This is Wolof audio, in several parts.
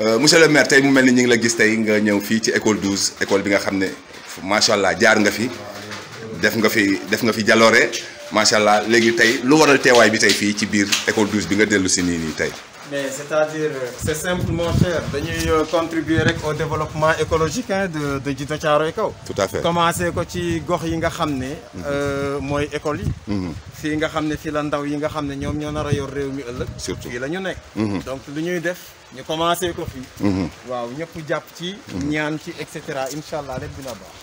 Euh, monsieur le maire tey mu mel ni ñu ngi la gis tey nga ñëw fii ci école 12 école bi nga xam ne macha allah jaar nga fi def nga fi def nga fi jaloore macha allah léegi tey lu waral teewaay bi tey fii ci biir école 12 bi nga dellu si nii nii tey. mais c'est-à-dire c'est simple mon cher dañuy euh, contribuer rek au développement écologique de de Djiddah Thiaroye kaw tout à fait commencé ko ci gox yi nga xam ne. Mhm. Euh, mooy école yi. Mhm. fii nga xam ne fii la ndaw yi nga xam ne ñoom ñoo nar a yor réew mi ëllëg. surtout fii la nekk. Mhm. donc lu ñuy def ñu commencé ko fii. waaw ñëpp jàpp ci. ñaan ci et cetera incha allah lépp dina baax.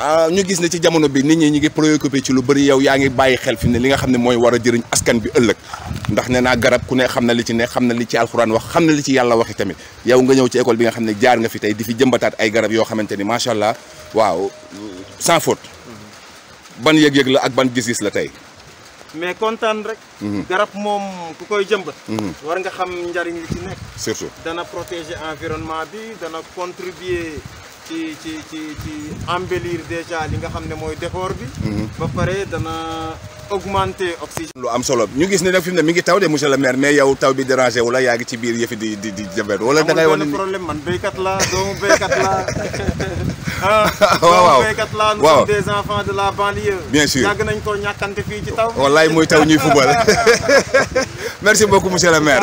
Ah, ñu gis ne ci jamono bi nit ñi ñu ngi préoccupé ci lu bëri yow yaa ngi bàyyi xel fi ne li nga xam ne mooy war a jëriñ askan bi ëllëg ndax nee garab ku ne xam na li ci ne xam na li ci alxuraan wax xam na li ci yàlla waxi tamit yow nga ñëw ci école bi nga xam ne jaar nga fi tey di fi jëmbataat ay garab yoo xamante ni macha allah waaw sans faute. Mm-hmm. ban yëg-yëg la ak ban gis-gis la tey. mais kontaan rek. Mm-hmm. garab moom ku koy jëmbat. Mm-hmm. war nga xam njariñ li ci nekk. surtout dana protéger environnement bi dana contribuer. ci ci ci ci embellir déjà li nga xam ne mooy décor bi. ba pare dana. augmenter oxygène. lu am solo ñu gis ne nag fi mu ne mi ngi taw de monsieur le maire mais yow taw bi déranger wala yaa ngi ci biir yëfi di di di jabet wala da ngay wane ni problème man béykat la doomu béykat la ah, waaw waaw béykat la nous sommes des enfants de la banlieue. bien sûr yàgg nañ ko ñàkkante fii ci taw. wallaay muy taw ñuy fubal merci beaucoup monsieur le maire.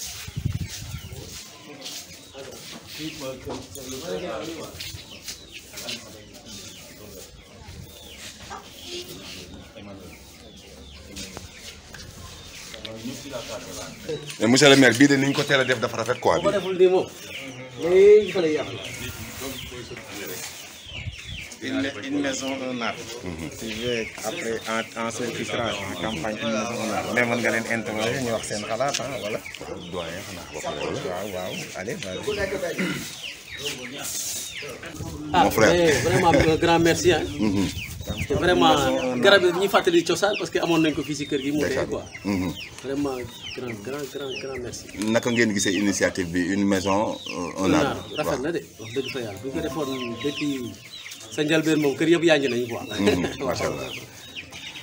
Keep working. mais monsieur le maire bii de ni ñu ko teel a def dafa rafet quoi. bi ko deful nii moom. léegi xale yi une, une maison, un arbre. Mhm. si je après en en certificat en campagne une maison un arbre. mais nga leen interroger ñu wax seen xalaat ah voilà. doyen xanaa waaw waaw allez vas-y. Ah, mon frère vraiment un grand merci ah. Mhm. te vraiment garab yi ñuy fàttali cosaan parce que amoon nañ ko fii si kër gi. mu dee quoi. Mhm. vraiment grand grand grand grand merci. naka ngeen gisee initiative bi une maison. Euh, un arbre rafet na de wax dëgg fa yàlla bu ñu ko defoon depuis. sa njëlbeen moom kër yëpp yaa ngi nañu quoi. Mhm, macha allah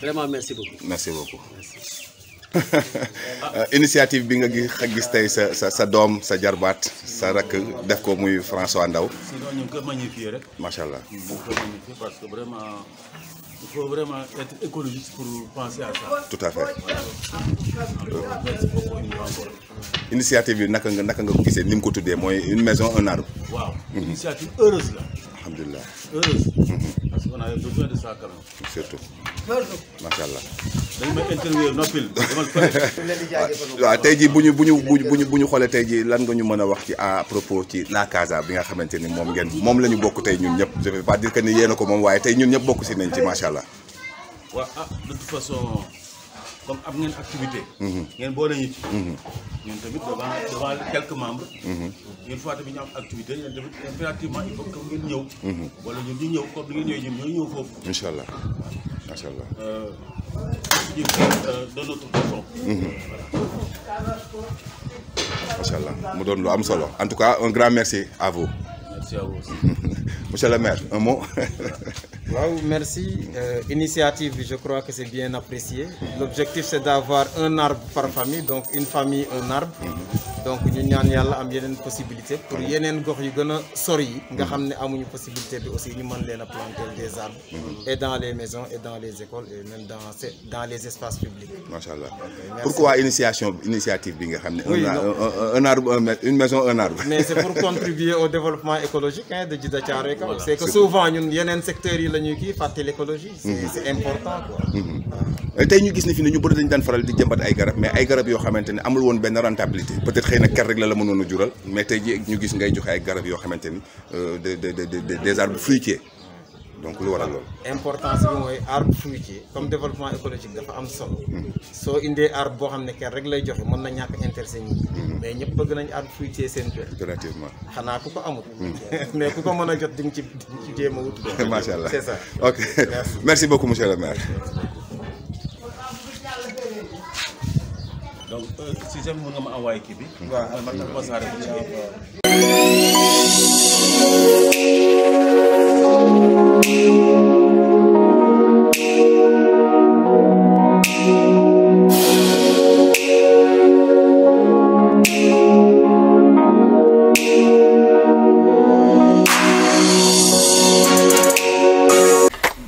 vraiment merci beaucoup. merci beaucoup. initiative bi nga gis gis tey sa sa sa doom sa jarbaat sa rakk def ko muy François Ndao. sinon ko magnifier rek. macha allah. ñu parce que vraiment il faut vraiment pour penser tout à fait. initiative bi naka nga naka nga ko gisee ni mu ko tuddee mooy une maison un arbre. waaw mhm. alhamdulilah. heureuse. parce qu'on a besoin de ça quand surtout. macha allah. waaw tey jii bu ñu bu ñu bu ñu bu ñu xoolee tey jii lan nga ñu mën a wax ci à propos ci la Casa bi nga xamante ni moom ngeen moom la ñu bokk tey ñun ñëpp je ne veux pas dire que ni yéen ko moom waaye tey ñun ñëpp bokk si nañ ci macha allah. comme am ngeen activité. Mhm. ngeen boole ñu ci. Mhm. ñun tamit devant quelques membres. Mhm. une fois am activité ñun tamit impérativement il faut que ngeen ñëw. ngeen ñëw foofu. incha allah euh, euh, mu doon lu am solo en tout cas un grand merci à vous. merci à vous le maire un mot. waaw merci euh, initiative bi je crois que c'est bien apprécié l'objectif c'est d'avoir un arbre par famille donc une famille un arbre mhm. donc ñu ñaan yàlla am yeneen possibilité pour yeneen gox yu gën a sori yi nga mm-hmm. xam ne amuñu possibilité bi aussi ñu mën leen a planter des arbres mm-hmm. et dans les maisons et dans les écoles et même dans dans les espaces publics macha bi nga xam ne un arbre une maison un arbre mais c'est pour contribuer au développement écologique de Djida Thiaroye c'est que souvent ñun yeneen secteurs yi la kii fàtte l'écologie c'est mm-hmm. important quoi tey ñu gis ne fi ne ñu bëri dañ daan faral di jëmbat ay garab mais ay garab yoo xamante ne amul woon benn rentabilité peut xëy ker rek la la mënoon a jural mais tey ñu gis ngay joxe ay garab yoo xamante ni de de de des donc lu waral loolu. importance bi mooy arbre fruitier comme développement écologique dafa am solo. Hmm. soo indee arbre boo xam ne ker rek lay joxe mën na ñàkk intéressé nit ñi. Hmm. mais ñëpp bëgg nañ arbre fruitier seen kër. relativement xanaa ku ko amut. Hmm. mais ku ko mën a jot di ci di ci jéem a wut. macha allah c'est ça. ok merci beaucoup monsieur le maire. donc euh, si jamais mën ma envoyé kii bi. waaw man ma